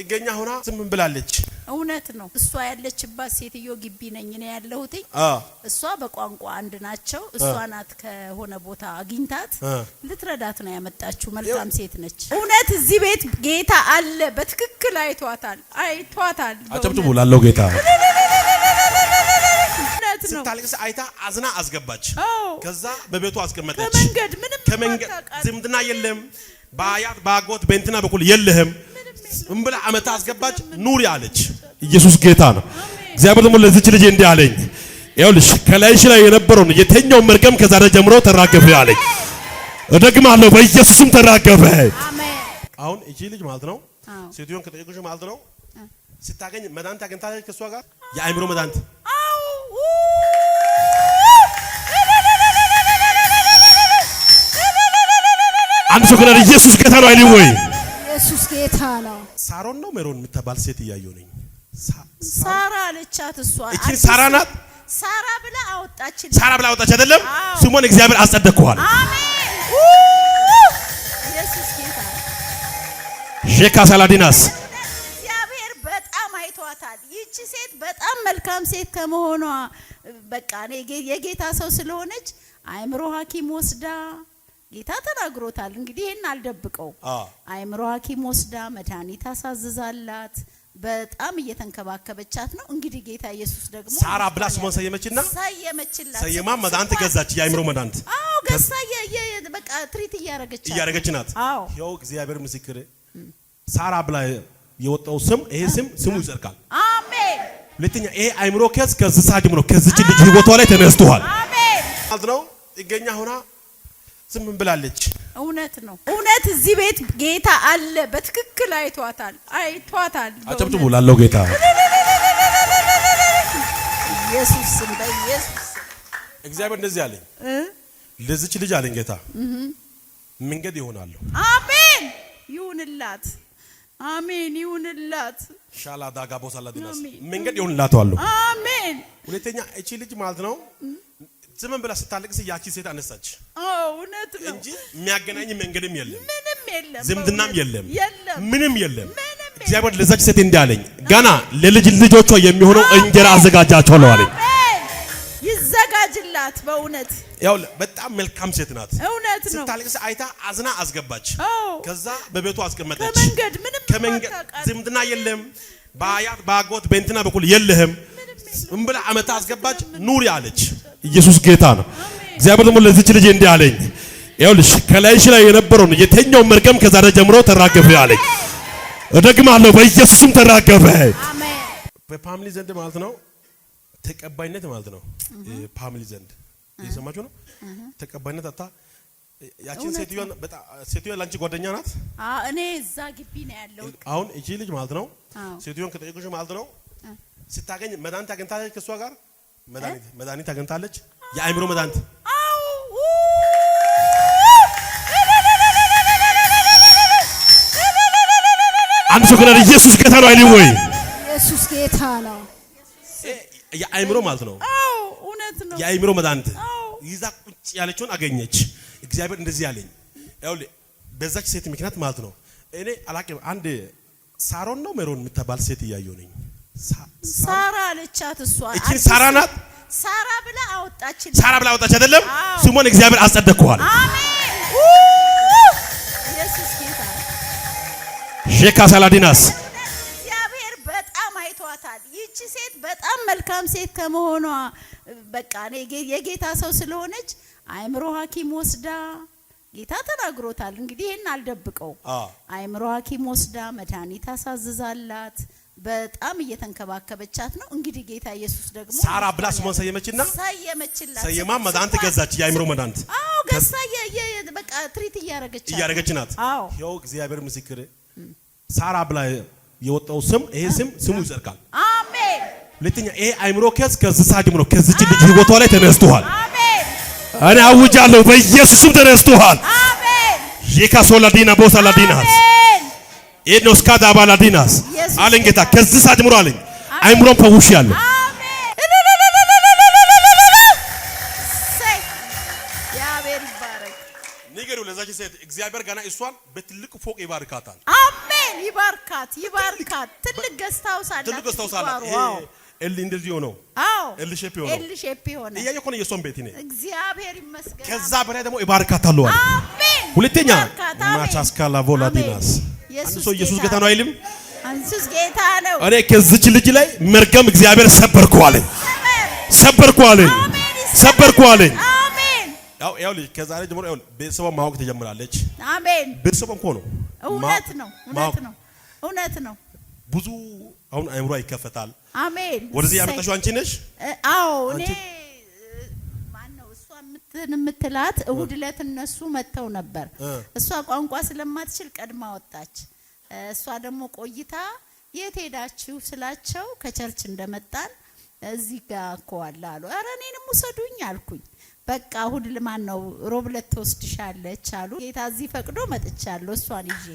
ጥገኛ ሆና ዝም ብላለች። እውነት ነው። እሷ ያለችባት ሴትዮ ግቢ ነኝ እኔ ያለሁት። እሷ በቋንቋ አንድ ናቸው። እሷ ናት ከሆነ ቦታ አግኝታት ልትረዳት ነው ያመጣችው። መልካም ሴት ነች። እውነት እዚህ ቤት ጌታ አለ። በትክክል አይቷታል፣ አይቷታል። አጨብጭቡ ላለው ጌታ ስታልቅስ አይታ አዝና አስገባች። ከዛ በቤቱ አስቀመጠች። ከመንገድ ምንም ዝምድና የለም በአያት በአጎት በእንትና በኩል የለህም ብላ አመታ አስገባች ኑሪ አለች። ኢየሱስ ጌታ ነው። እግዚአብሔር ደግሞ ለዚች ልጅ እንዲህ አለኝ፣ ይኸውልሽ ከላይሽ ላይ የነበረውን የተኛውን መርገም ከዛሬ ጀምሮ ተራገፈ አለኝ። እደግማለሁ፣ በኢየሱስም ተራገፈ። አሁን እቺ ልጅ ማለት ነው ሴትዮን ከጠየቁሽ ማለት ነው ስታገኝ መድኃኒት አግኝታለች ከእሷ ጋር የአእምሮ መድኃኒት አንድ ሰው ኢየሱስ ጌታ ነው አይልም ወይ? ጌታ ነው። ሳሮን ነው ሜሮን የምትባል ሴት እያየሁ ነኝ። ሳራ አለቻት። እሷ እቺ ሳራ ናት። ሳራ ብላ አወጣች። ሳራ ብላ አወጣች አይደለም። ስሙን እግዚአብሔር አጸደቀዋል። አሜን። ሼካ ሳላዲናስ እግዚአብሔር በጣም አይቷታል። ይቺ ሴት በጣም መልካም ሴት ከመሆኗ በቃ የጌታ ሰው ስለሆነች አእምሮ ሐኪም ወስዳ ጌታ ተናግሮታል። እንግዲህ ይህን አልደብቀው። አእምሮ ሐኪም ወስዳ መድኃኒት አሳዝዛላት በጣም እየተንከባከበቻት ነው። እንግዲህ ጌታ ኢየሱስ ደግሞ ሳራ ብላ ስሟን ሰየመችና ሰየመችላት። ሰየማ መድኃኒት ገዛች፣ የአእምሮ መድኃኒት። አዎ ገዛ በቃ ትሪት እያረገች እያረገች ናት። አዎ ይኸው እግዚአብሔር ምስክር ሳራ ብላ የወጣው ስም ይሄ ስም ስሙ ይጸድቃል። አሜን። ሁለተኛ ይሄ አእምሮ ከዝ ከዝ ሳድም ነው ከዚች ልጅ ህይወቷ ላይ ተነስቷል። አሜን ነው ጥገኛ ሆና ዝም ብላለች። እውነት ነው። እውነት እዚህ ቤት ጌታ አለ። በትክክል አይቷታል፣ አይቷታል። አጨብጭቡ ላለው ጌታ ኢየሱስ። በኢየሱስ እግዚአብሔር እንደዚህ አለኝ፣ ለዚች ልጅ አለኝ ጌታ መንገድ ይሆናለሁ። አሜን ይሁንላት፣ አሜን ይሁንላት። ሻላ ዳጋ ቦሳላ ዲናስ መንገድ ይሁንላት አለው። አሜን። ሁለተኛ እቺ ልጅ ማለት ነው ዝም ብላ ስታለቅስ ያቺ ሴት አነሳች። እውነት ነው እንጂ የሚያገናኝ መንገድም የለም፣ ምንም የለም፣ ዝምድናም የለም፣ ምንም የለም። እግዚአብሔር ለዛች ሴት እንዲህ አለኝ፣ ገና ለልጅ ልጆቿ የሚሆነው እንጀራ አዘጋጃቸው አለኝ። ይዘጋጅላት በእውነት ያው በጣም መልካም ሴት ናት። እውነት ነው። ስታለቅስ አይታ አዝና አስገባች። ከዛ በቤቱ አስቀመጠች። ከመንገድ ምንም ከመንገድ ዝምድና የለም። በአያት በአጎት በእንትና በኩል የለህም። ብላ አመታ አስገባች። ኑሪ አለች ኢየሱስ ጌታ ነው። እግዚአብሔር ደግሞ ለዚች ልጅ እንዲህ አለኝ፣ ይኸውልሽ ከላይሽ ላይ የነበረውን የተኛውን መርገም ከዛሬ ጀምሮ ተራገፈ አለኝ። እደግማለሁ፣ በኢየሱስም ተራገፈ። በፋሚሊ ዘንድ ማለት ነው ተቀባይነት ማለት ነው። ፋሚሊ ዘንድ እየሰማችሁ ነው። ተቀባይነት አታ ያቺን ሴትዮዋን በጣም ሴትዮዋ ላንቺ ጓደኛ ናት። እኔ እዛ ግቢ ነው ያለው። አሁን እቺ ልጅ ማለት ነው ሴትዮዋን ከጠየቁሽ ማለት ነው ስታገኝ መድኃኒት አግኝታለች ከእሷ ጋር መድኃኒት አግኝታለች። የአእምሮ መድኃኒት አንድ ሰው ከላ ኢየሱስ ጌታ ነው አይልም ወይ? ኢየሱስ ጌታ ነው። የአእምሮ ማለት ነው። አዎ እውነት ነው። የአእምሮ መድኃኒት ይዛ ቁጭ ያለችውን አገኘች። እግዚአብሔር እንደዚህ ያለኝ በዛች ሴት ምክንያት ማለት ነው። እኔ አላቅም አንድ ሳሮን ነው ሜሮን የምትባል ሴት እያየሁ ነኝ ሳራ አለቻት። እሷ እቺ ሳራ ናት። ሳራ ብላ አወጣች። ሳራ ብላ አወጣች አይደለም። ስሙን እግዚአብሔር አጸደቀዋል። አሜን። ኢየሱስ ሼካ ሳላዲናስ እግዚአብሔር በጣም አይቷታል። ይቺ ሴት በጣም መልካም ሴት ከመሆኗ በቃ የጌታ ሰው ስለሆነች አእምሮ ሐኪም ወስዳ ጌታ ተናግሮታል። እንግዲህ ይህን አልደብቀው። አእምሮ ሐኪም ወስዳ መድኃኒት አሳዝዛላት በጣም እየተንከባከበቻት ነው። እንግዲህ ጌታ ኢየሱስ ደግሞ ሳራ ብላ ስሟን ሰየመችና ሰየመችላት። ሰየማ መድኃኒት ገዛች፣ የአእምሮ መድኃኒት። አዎ ገዝታ በቃ ትሪት እያረገች እያረገች ናት። አዎ ይኸው እግዚአብሔር ምስክር ሳራ ብላ የወጣው ስም ይሄ ስም ስሙ ይጸድቃል። አሜን። ሁለተኛ ይሄ አእምሮ ኬዝ ከዚህ ሰዓት ጀምሮ ከዚች ልጅ ህይወቷ ላይ ተነስተዋል። አሜን። እኔ አውጃለሁ በኢየሱስም ተነስተዋል። አሜን። ይካሶላዲና ቦሳላዲናስ ኤዶስ ካዳ ባላዲናስ አለኝ ጌታ ከዚህ ሰዓት ጀምሮ አለኝ አይምሮን ፈውሻለሁ። ንገሪው ለዛች ሴት እግዚአብሔር ገና እሷን በትልቅ ፎቅ ይባርካታል። አሜን። ይባርካት፣ ይባርካት። ትልቅ ገዝታ ውስጥ አላት። ትልቅ ገዝታ ውስጥ ኤል እንደዚህ ሆኖ አዎ፣ ኤል ሼፕ ሆኖ ኤል ሼፕ ሆኖ እያየሁ እኮ ነው የእሷን ቤት ነው። እግዚአብሔር ይመስገን። ከዛ በላይ ደግሞ ይባርካታል። አሜን። ሁለተኛ ማቻስካላ ቮላዲናስ አንድ ሰው ኢየሱስ ጌታ ነው አይልም? ኢየሱስ ጌታ ነው። እኔ ከዚች ልጅ ላይ መርገም እግዚአብሔር ሰበርኩ አለኝ፣ ሰበርኩ አለኝ፣ ሰበርኩ አለኝ። ያው ያው ልጅ ከዛሬ ጀምሮ ያው ቤተሰቧ ማወቅ ትጀምራለች። አሜን። ቤተሰቧ እኮ ነው። እውነት ነው፣ እውነት ነው፣ እውነት ነው። ብዙ አሁን አይምሯ ይከፈታል። አሜን። ወደዚህ ያመጣሽው አንቺ ነሽ? አዎ እኔ እንትን የምትላት እሁድ ዕለት እነሱ መጥተው ነበር። እሷ ቋንቋ ስለማትችል ቀድማ ወጣች። እሷ ደግሞ ቆይታ የት ሄዳችሁ ስላቸው ከቸርች እንደመጣን እዚህ ጋር እኮ አለ አሉ። ኧረ እኔንም ውሰዱኝ አልኩኝ። በቃ እሁድ ልማን ነው ሮብ ዕለት ትወስድሻለች አሉ። ጌታ እዚህ ፈቅዶ መጥቻለሁ እሷን ይዤ።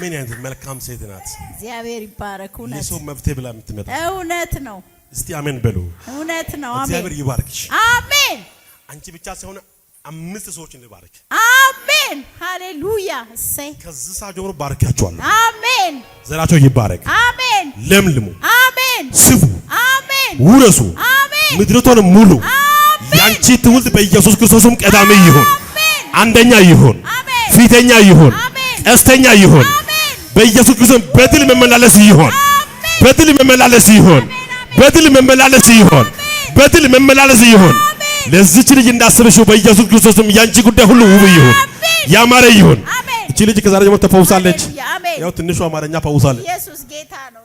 ምን ያንተ መልካም ሴት ናት። እግዚአብሔር ይባረክ። እውነት መፍትሄ ብላ የምትመጣ እውነት ነው። እስቲ አሜን በሉ። እውነት ነው። አሜን። እግዚአብሔር ይባርክሽ። አሜን። አንቺ ብቻ ሳይሆን አምስት ሰዎች እንባርክ። አሜን። ሃሌሉያ። እሰይ። ከዚህ ሰዓት ጀምሮ ባርካቸዋለሁ። አሜን። ዘራቸው ይባረክ። አሜን። ለምልሙ። አሜን። ስፉ። አሜን። ውረሱ። አሜን። ምድሪቱን ሙሉ። አሜን። ያንቺ ትውልድ በኢየሱስ ክርስቶስም ቀዳሚ ይሁን፣ አንደኛ ይሁን፣ ፊተኛ ይሁን፣ ቀስተኛ ይሁን። በኢየሱስ ክርስቶስ በድል መመላለስ ይሁን፣ በድል መመላለስ ይሁን። አሜን። በድል መመላለስ ይሆን፣ በድል መመላለስ ይሆን። ለዚች ልጅ እንዳሰብሽው በኢየሱስ ክርስቶስም ያንቺ ጉዳይ ሁሉ ውብ ይሁን፣ ያማረ ይሁን። እቺ ልጅ ከዛሬ ጀምሮ ተፈውሳለች። ያው ትንሹ አማርኛ ፈውሳለች። ኢየሱስ ጌታ ነው።